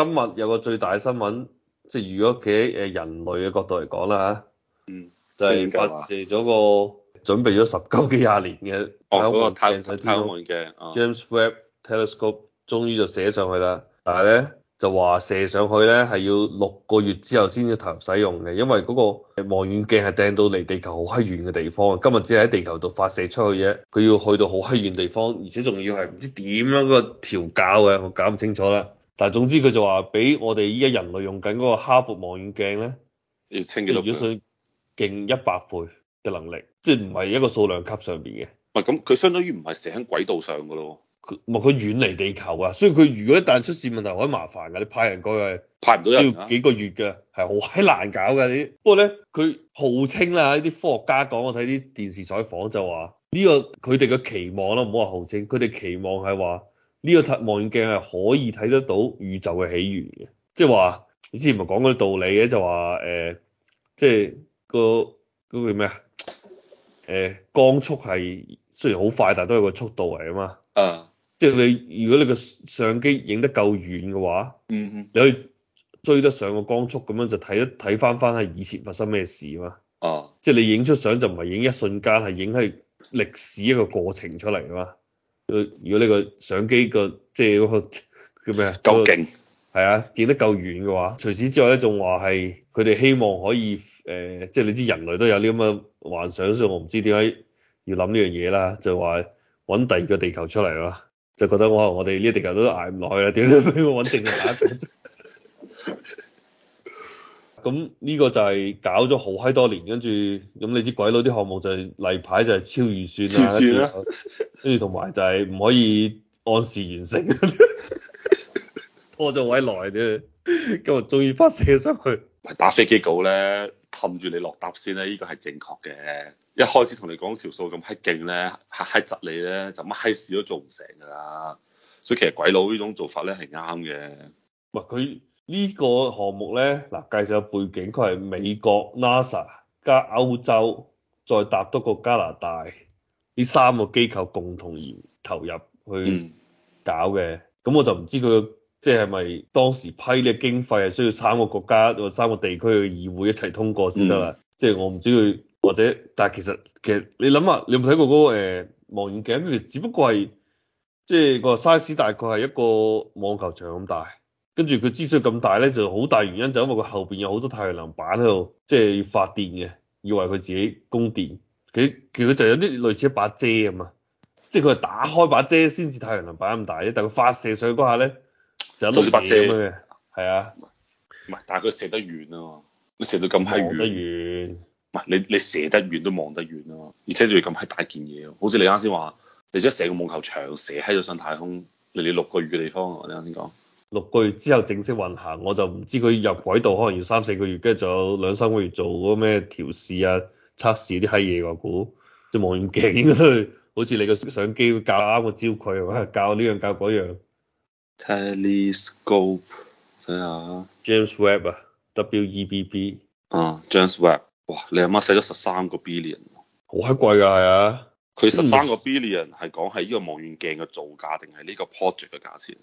今日有個最大嘅新聞，即係如果企喺誒人類嘅角度嚟講啦嚇，嗯、就係發射咗個準備咗十九幾廿年嘅望遠鏡喺天空，James Webb Telescope，終於就射上去啦。但係咧就話射上去咧係要六個月之後先至投入使用嘅，因為嗰個望遠鏡係掟到離地球好閪遠嘅地方。今日只係喺地球度發射出去嘅，佢要去到好閪遠地方，而且仲要係唔知點樣個調教嘅，我搞唔清楚啦。但係總之佢就話，比我哋依家人類用緊嗰個哈勃望遠鏡咧，要清幾多？要最少勁一百倍嘅能力，即係唔係一個數量級上邊嘅。唔咁，佢相當於唔係射喺軌道上噶咯。佢，唔係佢遠離地球啊，所以佢如果一旦出事問題，好麻煩噶。你派人過去派唔到人，要幾個月嘅，係好閪難搞嘅啲。不過咧，佢號稱啦，呢啲科學家講，我睇啲電視採訪就話，呢、呢個佢哋嘅期望啦，唔好話號稱，佢哋期望係話。呢個望遠鏡係可以睇得到宇宙嘅起源嘅，即係話你之前咪講嗰啲道理嘅，就話誒，即係個嗰個咩啊？誒，光速係雖然好快，但都係個速度嚟啊嘛。啊！即係你如果你個相機影得夠遠嘅話，嗯嗯，你可以追得上個光速，咁樣就睇一睇翻翻喺以前發生咩事嘛。啊！即係你影出相就唔係影一瞬間，係影喺歷史一個過程出嚟嘛。如果呢個相機、就是，那個即係嗰個叫咩啊？夠勁係啊，見得夠遠嘅話，除此之外咧，仲話係佢哋希望可以誒，即、呃、係、就是、你知人類都有啲咁嘅幻想，所以我唔知點解要諗呢樣嘢啦，就話、是、搵第二個地球出嚟啦，就覺得我我哋呢個地球都挨唔耐啦，點都要搵第二個。 咁呢個就係搞咗好閪多年，跟住咁你知鬼佬啲項目就係例牌就係超預算，跟住同埋就係唔可以按時完成， 拖咗位耐啲，今日終於發射上去。打飛機稿咧，氹住你落搭先咧，呢個係正確嘅。一開始同你講條數咁閪勁咧，嚇閪窒你咧，就乜閪事都做唔成㗎啦。所以其實鬼佬呢種做法咧係啱嘅。喂，佢。呢個項目咧，嗱、啊、介紹下背景，佢係美國 NASA 加歐洲，再搭多個加拿大，呢三個機構共同而投入去搞嘅。咁、嗯、我就唔知佢即係咪當時批呢個經費係需要三個國家或三個地區嘅議會一齊通過先得啦。嗯、即係我唔知佢或者，但係其實其實你諗下，你有冇睇過嗰、那個、呃、望遠鏡？佢只不過係即係個 size 大概係一個網球場咁大。跟住佢支出咁大咧，就好大原因就因為佢後邊有好多太陽能板喺度，即係要發電嘅，以為佢自己供電。佢其實就有啲類似一把遮咁啊，即係佢係打開把遮先至太陽能板咁大啫。但係佢發射上去嗰下咧，就好似把遮咁嘅，係啊，唔係，但係佢射得遠啊嘛，你射到咁閪遠，唔係你你射得遠都望得遠啊嘛，而且仲要咁閪大件嘢，好似你啱先話，你即係射個網球場射喺度上太空，你你六個月嘅地方，你啱先講。六個月之後正式運行，我就唔知佢入軌道可能要三四個月，跟住仲有兩三個月做嗰咩調試啊、測試啲閪嘢我估。隻望遠鏡應該都係， 好似你個相機教啱個焦距，教呢樣教嗰、這、樣、個。Telescope，睇下。這個、 James Webb 啊，W E B B。啊、uh,，James Webb，哇，你阿媽寫咗十三個 billion，好閪貴噶係啊。佢十三個 billion 係講係呢個望遠鏡嘅造價，定係呢個 project 嘅價錢？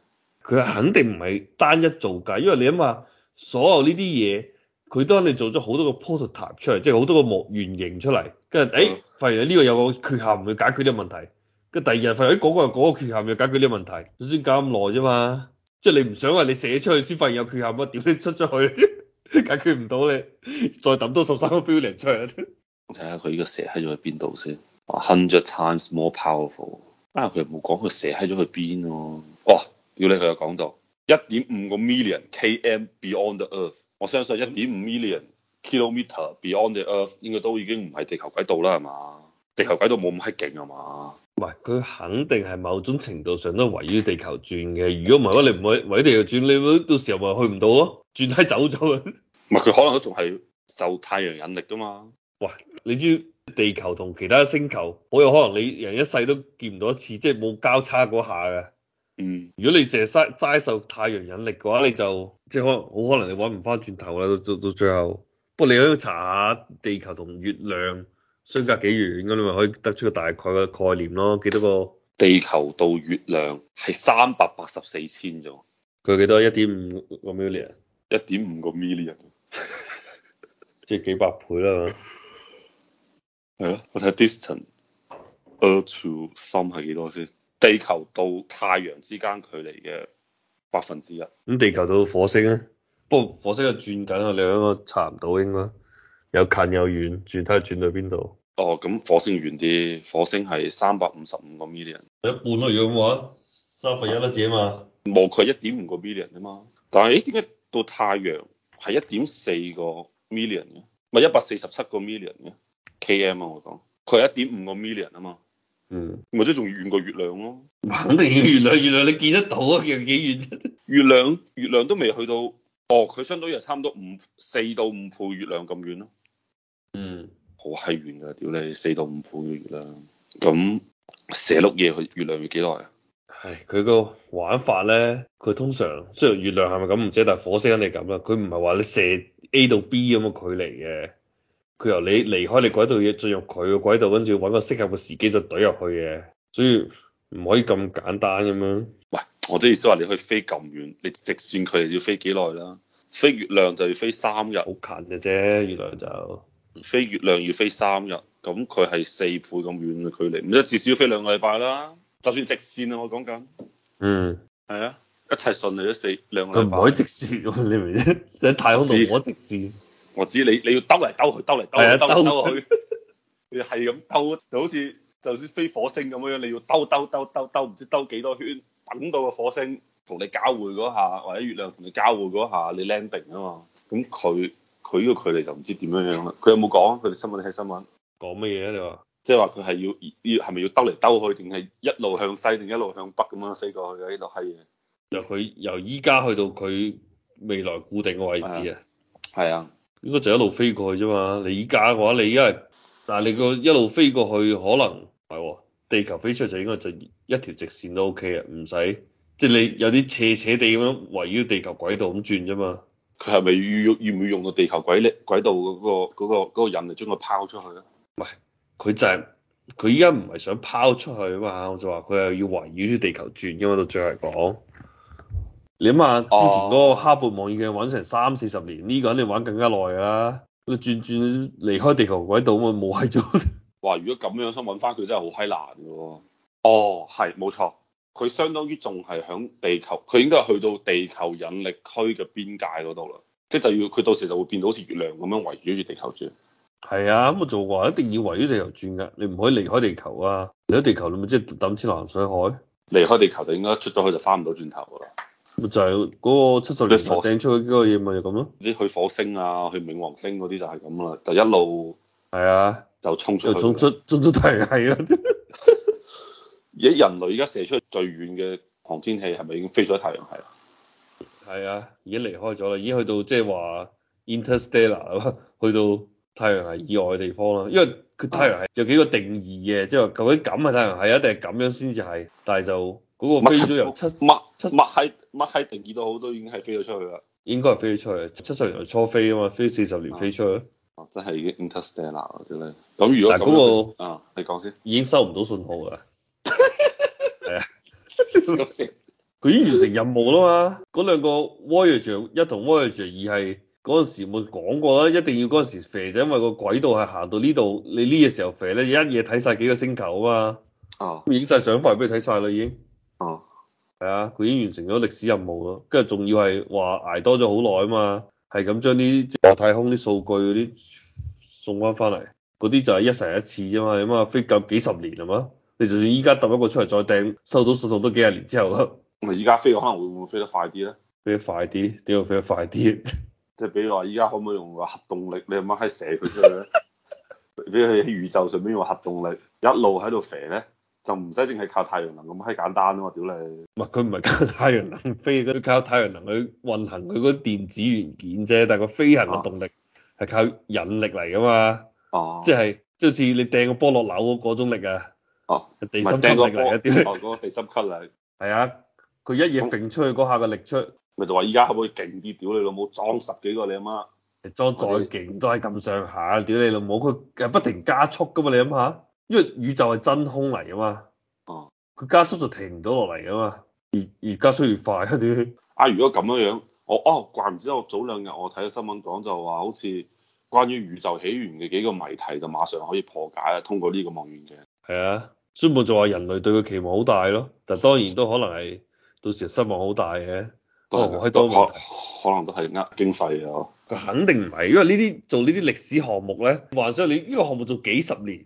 佢肯定唔係單一造計，因為你諗下，所有呢啲嘢，佢當你做咗好多個 prototype 出嚟，即係好多個模原型出嚟，跟住，誒、欸，嗯、發現呢個有個缺陷，要解決呢個問題，跟住第二日發現，誒、欸，嗰、那個有個缺陷，要解決呢個問題，先搞咁耐啫嘛，即係你唔想話你寫出去先發現有缺陷，我屌你出咗去， 解決唔到你，再揼多十三個 building 出嚟。睇下佢依個寫喺咗去邊度先，hundred times more powerful，但係佢冇講佢寫喺咗去邊咯，哇！.要你佢有講到一點五個 million km beyond the earth，我相信一點五 million kilometer beyond the earth 應該都已經唔係地球軌道啦，係嘛？地球軌道冇咁閪勁係嘛？唔係，佢肯定係某種程度上都圍於地球轉嘅。如果唔係，你唔會圍地球轉，你到時候咪去唔到咯，轉閪走咗。唔係，佢可能都仲係受太陽引力㗎嘛？喂，你知地球同其他星球好有可能你人一世都見唔到一次，即係冇交叉嗰下㗎。嗯，如果你淨係齋齋受太陽引力嘅話，你就即係可能好可能你搵唔翻轉頭啦。到到最後，不過你可以查下地球同月亮相隔幾遠咁，你咪可以得出個大概嘅概念咯。幾多個地球到月亮係三百八十四千咗，佢幾多？一點五個 million，一點五個 million， 即係幾百倍啦。係咯，我睇下 distance Earth to Sun 係幾多先？地球到太陽之間距離嘅百分之一。咁地球到火星咧？不過火星係轉緊啊，你兩個查唔到應該。有近有遠，轉睇下轉到邊度。哦，咁火星遠啲，火星係三百五十五個 million。一半咯、啊，如果咁話，三分一得次啊嘛。冇，佢一點五個 million 啊嘛。但係，誒點解到太陽係一點四個 million 嘅？咪一百四十七個 million 嘅 km 啊！我講，佢係一點五個 million 啊嘛。嗯，或者仲遠過月亮咯，啊，肯定月亮 月亮你見得到啊，仲幾遠啫？月亮月亮都未去到，哦，佢相當於差唔多五四到五倍月亮咁遠咯。嗯，好遠，好閪遠噶，屌你四到五倍月亮。咁射碌嘢去月亮要幾耐啊？係佢個玩法咧，佢通常雖然月亮係咪咁唔知，但係火星肯定係咁啦。佢唔係話你射 A 到 B 咁嘅距離嘅。佢由你離開你軌道嘅進入佢嘅軌道，跟住揾個適合嘅時機就懟入去嘅，所以唔可以咁簡單咁樣。喂，我都意思話，你可以飛咁遠，你直綫距離要飛幾耐啦？飛月亮就要飛三日，好近嘅啫，原來就飛月亮要飛三日，咁佢係四倍咁遠嘅距離，唔知至少要飛兩個禮拜啦。就算直綫啊，我講緊。嗯，係啊，一切順利都四兩個禮拜。佢唔可以直綫，你明唔明？喺太空度唔可以直綫。我知你你要兜嚟兜去，哎啊，兜嚟兜去，兜嚟兜去，你係咁兜就好似就算飛火星咁樣樣，你要兜兜兜兜兜唔知兜幾多圈，等到個火星同你交匯嗰下，或者月亮同你交匯嗰下，你 landing 啊嘛。咁佢佢呢個距離就唔知點樣樣啦。佢有冇講？佢哋新聞，你睇新聞。講乜嘢你話。即係話佢係要要要係咪要兜嚟兜去，定係一路向西，定一路向北咁樣飛過去嘅呢度係。由佢由依家去到佢未來固定嘅位置啊。係啊。應該就一路飛過去啫嘛。你依家嘅話，你依家，但係你個一路飛過去，可能係地球飛出去就應該就一條直線都 O K 啊，唔使即係你有啲斜斜地咁樣圍繞地球軌道咁轉啫嘛是是。佢係咪要用唔要用到地球軌力軌道嗰、嗰個嗰、嗰個嗰、嗰個引力將佢拋出去咧？唔係、就是，佢就係佢依家唔係想拋出去啊嘛。我就話佢係要圍繞住地球轉因為，到最後講。你諗下，之前嗰個哈勃望遠鏡玩成三四十年，呢、這個肯定玩更加耐啊。你佢轉轉離開地球軌道咁啊，冇喺咗。哇！如果咁樣先搵翻佢，真係好閪難噶。哦，係，冇錯。佢相當於仲係響地球，佢應該係去到地球引力區嘅邊界嗰度啦。即係就要佢到時就會變到好似月亮咁樣圍住住地球轉。係啊，咁啊做噶，一定要圍住地球轉噶，你唔可以離開地球啊。離開地球你咪即係抌千難萬水海。離開地球就應該出咗去就翻唔到轉頭噶啦。就係嗰個七十年代掟出去嗰個嘢，咪就咁咯，你去火星啊，去冥王星嗰啲就係咁啦，就一路係啊，就衝出去，衝出衝出太陽系啊！而 人類而家射出去最遠嘅航天器係咪已經飛咗太陽系啊？係啊，已經離開咗啦，已經去到即係話 interstellar 去到太陽系以外嘅地方啦。因為佢太陽系就幾個定義嘅，即係話究竟咁係太陽系一定係咁樣先至係，但係就嗰個飛咗有七。 七乜係乜係定義到好都已經係飛咗出去啦，應該係飛咗出去，七十年代初飛啊嘛，飛四十年飛出去，哦，真係已經 interstellar 咁。如果嗱嗰那個啊、嗯，你講先，已經收唔到信號啦，係啊，佢已經完成任務啦嘛。嗰兩個 Voyager 一同 Voyager 二係嗰陣時咪講過啦，一定要嗰陣時飛就因為個軌道係行到呢度，你呢個時候飛咧，一嘢睇晒幾個星球啊嘛，哦，影晒相快俾你睇晒啦已經，哦。係啊，佢已經完成咗歷史任務咯，跟住仲要係話挨多咗好耐啊嘛，係咁將啲即係太空啲數據嗰啲送翻翻嚟，嗰啲就係一成一次啫嘛，起碼飛夠幾十年係嘛？你就算依家揼一個出嚟再掟，收到信號都幾廿年之後咯。咪依家飛可能會唔會飛得快啲咧？飛得快啲？點會飛得快啲？即係比如話依家可唔可以用個核動力？你係咪可以射佢出去咧？ 比如佢喺宇宙上邊用核動力一路喺度肥咧？就唔使淨係靠太陽能咁閪簡單啊嘛！屌、呃、你，唔係佢唔係靠太陽能飛，佢靠太陽能去運行佢嗰啲電子元件啫。但係個飛行嘅動力係、啊、靠引力嚟㗎嘛。哦、啊。即係即係好似你掟個波落樓嗰種力啊。哦、啊。地心引力嚟嘅、啊啊。哦，嗰、那個、地心吸力。係 啊，佢一嘢揈出去嗰下嘅力出。咪、嗯、就話依家可唔可以勁啲？屌、呃、你老母，裝十幾個你阿媽。裝再勁都係咁上下。屌、呃、你老母，佢不停加速㗎嘛？你諗下。因為宇宙係真空嚟㗎嘛，哦、嗯，佢加速就停唔到落嚟㗎嘛，越越加速越快一、啊、點。啊，如果咁樣樣，我哦怪唔知我早兩日我睇咗新聞講，就話好似關於宇宙起源嘅幾個謎題就馬上可以破解啊，通過呢個望遠鏡係啊，專門就話人類對佢期望好大咯。但係當然都可能係到時失望好大嘅。不過我喺多可能都係呃經費啊，佢肯定唔係，因為呢啲做呢啲歷史項目咧，話晒你呢個項目做幾十年。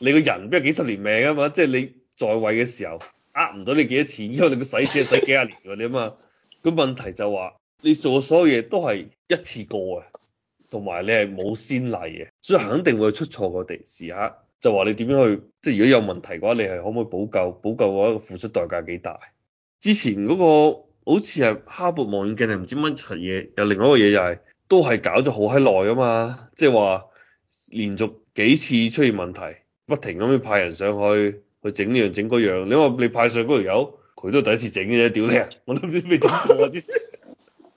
你個人邊有幾十年命啊嘛？即係你在位嘅時候，呃唔到你幾多錢，因為你個使錢係使幾十年㗎，你啊嘛。咁問題就話你做所有嘢都係一次過嘅，同埋你係冇先例嘅，所以肯定會出錯過嘅時刻就話你點樣去，即係如果有問題嘅話，你係可唔可以補救？補救嘅話，個付出代價幾大？之前嗰個好似係哈勃望遠鏡定唔知乜柒嘢，有另外一個嘢就係都係搞咗好閪耐啊嘛，即係話連續幾次出現問題。不停咁樣派人上去去整呢樣整嗰樣，你話你派上嗰條友，佢都第一次整嘢，屌你啊！我都唔知未整過誒，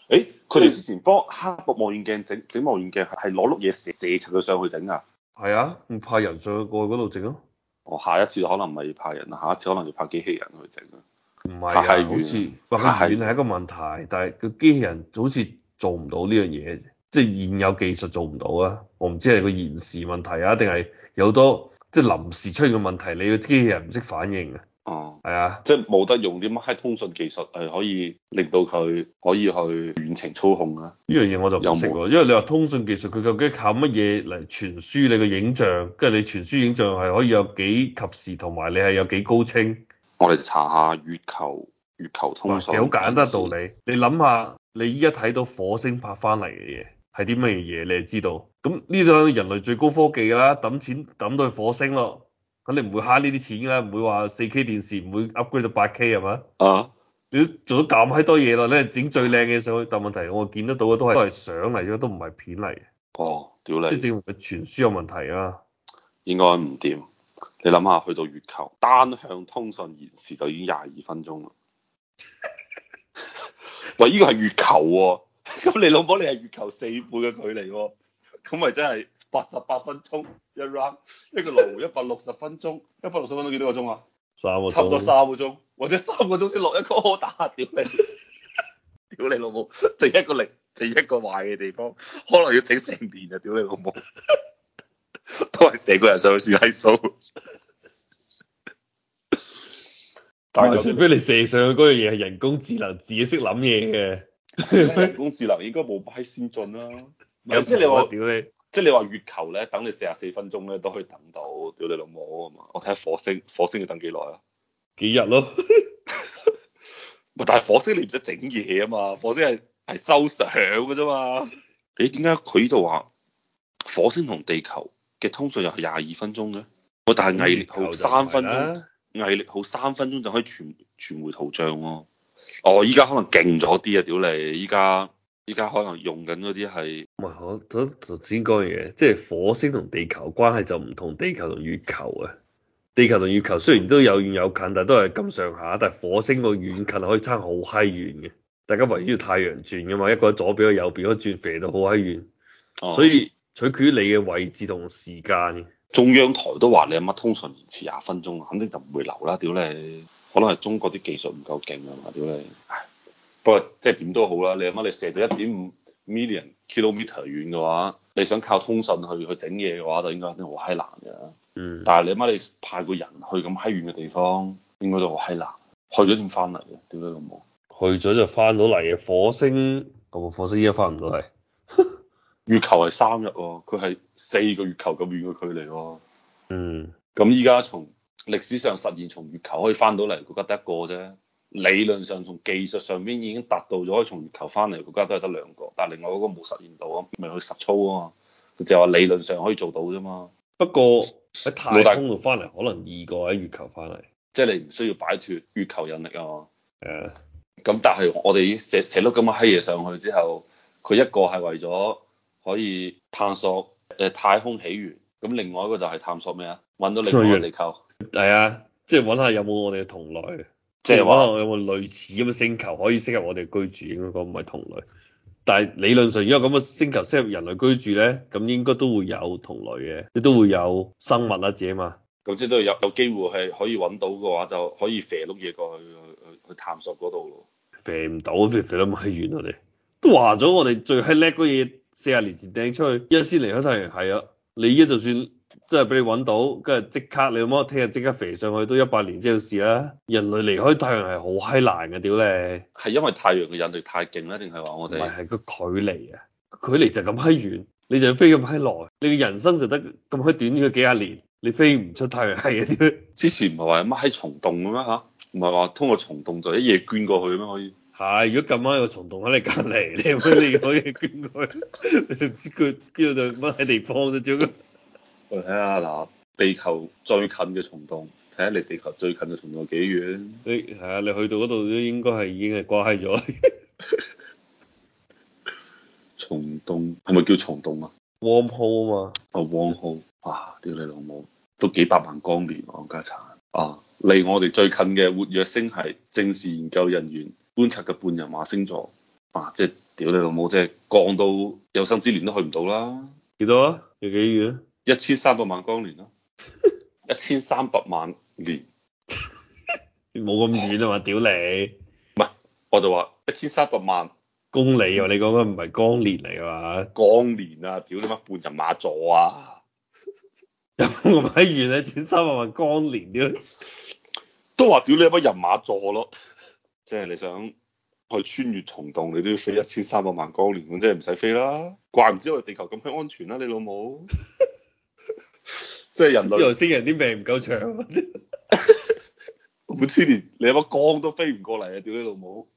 佢哋之前幫、 欸、哈勃望遠鏡整整望遠鏡，係攞碌嘢射射上去上去整啊。係啊，派人上去過去嗰度整咯。我、哦、下一次可能唔係派人，下一次可能要派機器人去整啦、啊。唔係、啊，係好似哇，咁遠係一個問題，但係個機器人好似做唔到呢樣嘢，即、就、係、是、現有技術做唔到啊！我唔知係個延時問題啊，定係有好多。即係臨時出現嘅問題，你個機器人唔識反應嘅，係、嗯、啊，即係冇得用啲乜閪通訊技術係可以令到佢可以去遠程操控啊！呢樣嘢我就唔識喎，因為你話通訊技術，佢究竟靠乜嘢嚟傳輸你個影像？跟住你傳輸影像係可以有幾及時，同埋你係有幾高清？我哋查下月球月球通訊幾好簡單道理。係咪你諗下，你依家睇到火星拍翻嚟嘅嘢係啲咩嘢？你就知道。咁呢種人類最高科技噶啦，抌錢抌到去火星咯，咁你唔會慳呢啲錢啦，唔會話四 K 電視唔會 upgrade 到八 K 係咪？啊！你都做咗咁閪多嘢啦，你係整最靚嘅上去，但問題我見得到嘅都係都係相嚟嘅，都唔係片嚟。哦，屌你！即係證明佢傳輸有問題啊？應該唔掂。你諗下，去到月球單向通訊延時就已經廿二分鐘啦。 喂，呢個係月球喎，啊？咁 你老母，你係月球四倍嘅距離喎，啊？咁咪真係八十八分鐘一 round，一個爐一百六十分鐘，一百六十分鐘幾多個鐘啊？三個，差唔多三個鐘，或者三個鐘先落一個好打。屌你！屌你老母！整一個零，整一個壞嘅地方，可能要整成年啊！屌你老母！都係成個人上去算係數。 但係除非你射上去嗰樣嘢係人工智能自己識諗嘢嘅，人工智能應該冇擺先進啦、啊。即係你話，屌你，即係你話月球咧，等你四十四分鐘咧都可以等到，屌你老母啊嘛！我睇下火星，火星要等幾耐啊？幾日咯？ 但係火星你唔使整嘢啊嘛，火星係係收相嘅啫嘛。咦？點解佢呢度話火星同地球嘅通訊又係廿二分鐘嘅？我但係毅力號三分鐘，毅力號三分鐘就可以傳傳回圖像咯。哦，依家可能勁咗啲啊，屌你，依家。依家可能用緊嗰啲係，唔係我我頭先講嘢，即係火星同地球關係就唔同地球同月球啊。地球同月,月球雖然都有遠有近，但係都係咁上下，但係火星個遠近可以差好閪遠嘅。大家圍繞太陽轉噶嘛，一個喺左邊，一個右邊，可以轉飛到好閪遠。嗯、所以取決於你嘅位置同時間。中央台都話你有乜通常延遲廿分鐘，肯定就唔會留啦。屌你，可能係中國啲技術唔夠勁啊嘛。屌你。不過即係點都好啦，你阿媽你射到一點五 million kilometre 遠嘅話，你想靠通訊去去整嘢嘅話，就應該都好閪難嘅。嗯。但係你阿媽你派個人去咁閪遠嘅地方，應該都好閪難。去咗點翻嚟嘅，點解咁忙？去咗就翻到嚟嘅火星。個火星依家翻唔到嚟。 月球係三日喎，佢係四個月球咁遠嘅距離喎。嗯。咁依家從歷史上實現從月球可以翻到嚟，嗰個得一個啫。理論上，從技術上邊已經達到咗，可以從月球翻嚟，國家都係得兩個，但另外一個冇實現到啊，未去實操啊嘛。佢就話理論上可以做到啫嘛。不過喺太空度翻嚟可能易過喺月球翻嚟。即係你唔需要擺脫月球引力啊。嘛 Yeah.。啊。咁但係我哋寫寫碌咁嘅閪嘢上去之後，佢一個係為咗可以探索誒、呃、太空起源，咁另外一個就係探索咩啊？揾到另外嘅地球。係啊，即係揾下有冇我哋嘅同類。即係話有冇類似咁嘅星球可以適合我哋居住，應該講唔係同類。但係理論上，如果咁嘅星球適合人類居住咧，咁應該都會有同類嘅，你都會有生物啊，自己嘛。咁即都有有機會係可以揾到嘅話，就可以肥碌嘢過去去,去,去探索嗰度咯。肥唔到，肥肥得咪遠我哋都話咗，我哋最閪叻嗰嘢四十年前掟出去，依家先離開太陽系，係啊，你依家就算。即係俾你揾到，跟住即刻你有冇聽日即刻肥上去都一百年之後事啦。人類離開太陽系好閪難嘅，屌你！係因為太陽嘅引力太勁啦，定係話我哋？唔係，係個距離啊！距離就咁閪遠，你就要飛咁閪耐，你嘅人生就得咁閪短嘅幾廿年，你飛唔出太陽系嘅。之前唔係話乜喺蟲洞嘅咩吓？唔係話通過蟲洞就一夜捐過去嘅咩可以？係，如果咁閪有蟲洞喺你隔離，你有冇可以捐過去，你唔知佢，跟住就乜喺地方啫，將睇下嗱，地球最近嘅蟲洞，睇下離地球最近嘅蟲洞有幾遠？你係啊，你去到嗰度都應該係已經係瓜咗。蟲 洞係咪叫蟲洞啊 wormhole 啊嘛。啊、oh, wormhole，哇！屌你老母，都幾百萬光年啊，家產。啊，離我哋最近嘅活躍星系，正是研究人員觀察嘅半人馬星座。哇、啊！即係屌你老母，即係降到有生之年都去唔到啦。幾多啊？多有幾遠？一千三百萬光年咯，一千三百萬年，冇咁遠啊嘛，屌你，唔係我就話一千三百萬公里啊，你講嘅唔係光年嚟啊嘛，光年啊，屌你媽半人馬座啊，咁鬼完你一千三百萬光年、啊、都話屌你有乜人馬座咯，即、就、係、是、你想去穿越蟲洞，你都要飛一千三百萬光年咁，即係唔使飛啦，怪唔之我哋地球咁樣安全啦、啊，你老母。 即係人，啲外星人啲命唔夠長， 五千年，你有媽光都飛唔過嚟啊！屌你老母！